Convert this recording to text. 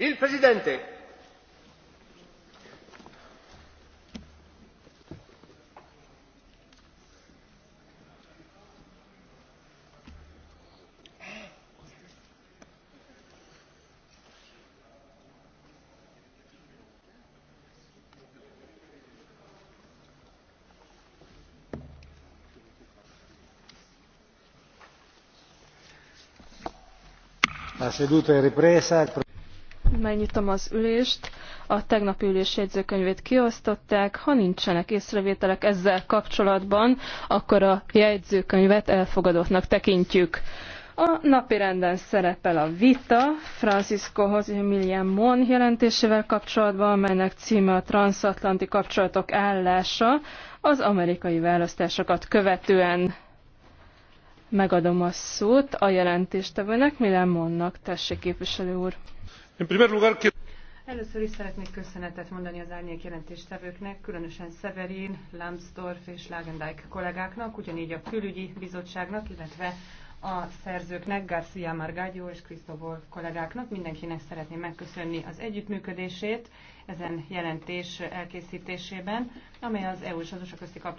Il Presidente. La seduta è ripresa. Megnyitom az ülést. A tegnapi ülés jegyzőkönyvét kiosztották. Ha nincsenek észrevételek ezzel kapcsolatban, akkor a jegyzőkönyvet elfogadottnak tekintjük. A renden szerepel a vita Francisco José Millian Mon jelentésével kapcsolatban, amelynek címe a transatlanti kapcsolatok állása az amerikai választásokat követően. Megadom a szót a jelentéstevőnek, Milán Monnak, tessék képviselő úr. Először is szeretnék köszönetet mondani az árnyék jelentéstevőknek, különösen Severin, Lambsdorff és Lagendijk kollégáknak, ugyanígy a külügyi bizottságnak, illetve a szerzőknek, Garcia Margágyó és Krisztóbor kollégáknak. Mindenkinek szeretném megköszönni az együttműködését ezen jelentés elkészítésében, amely az EU és az USA közti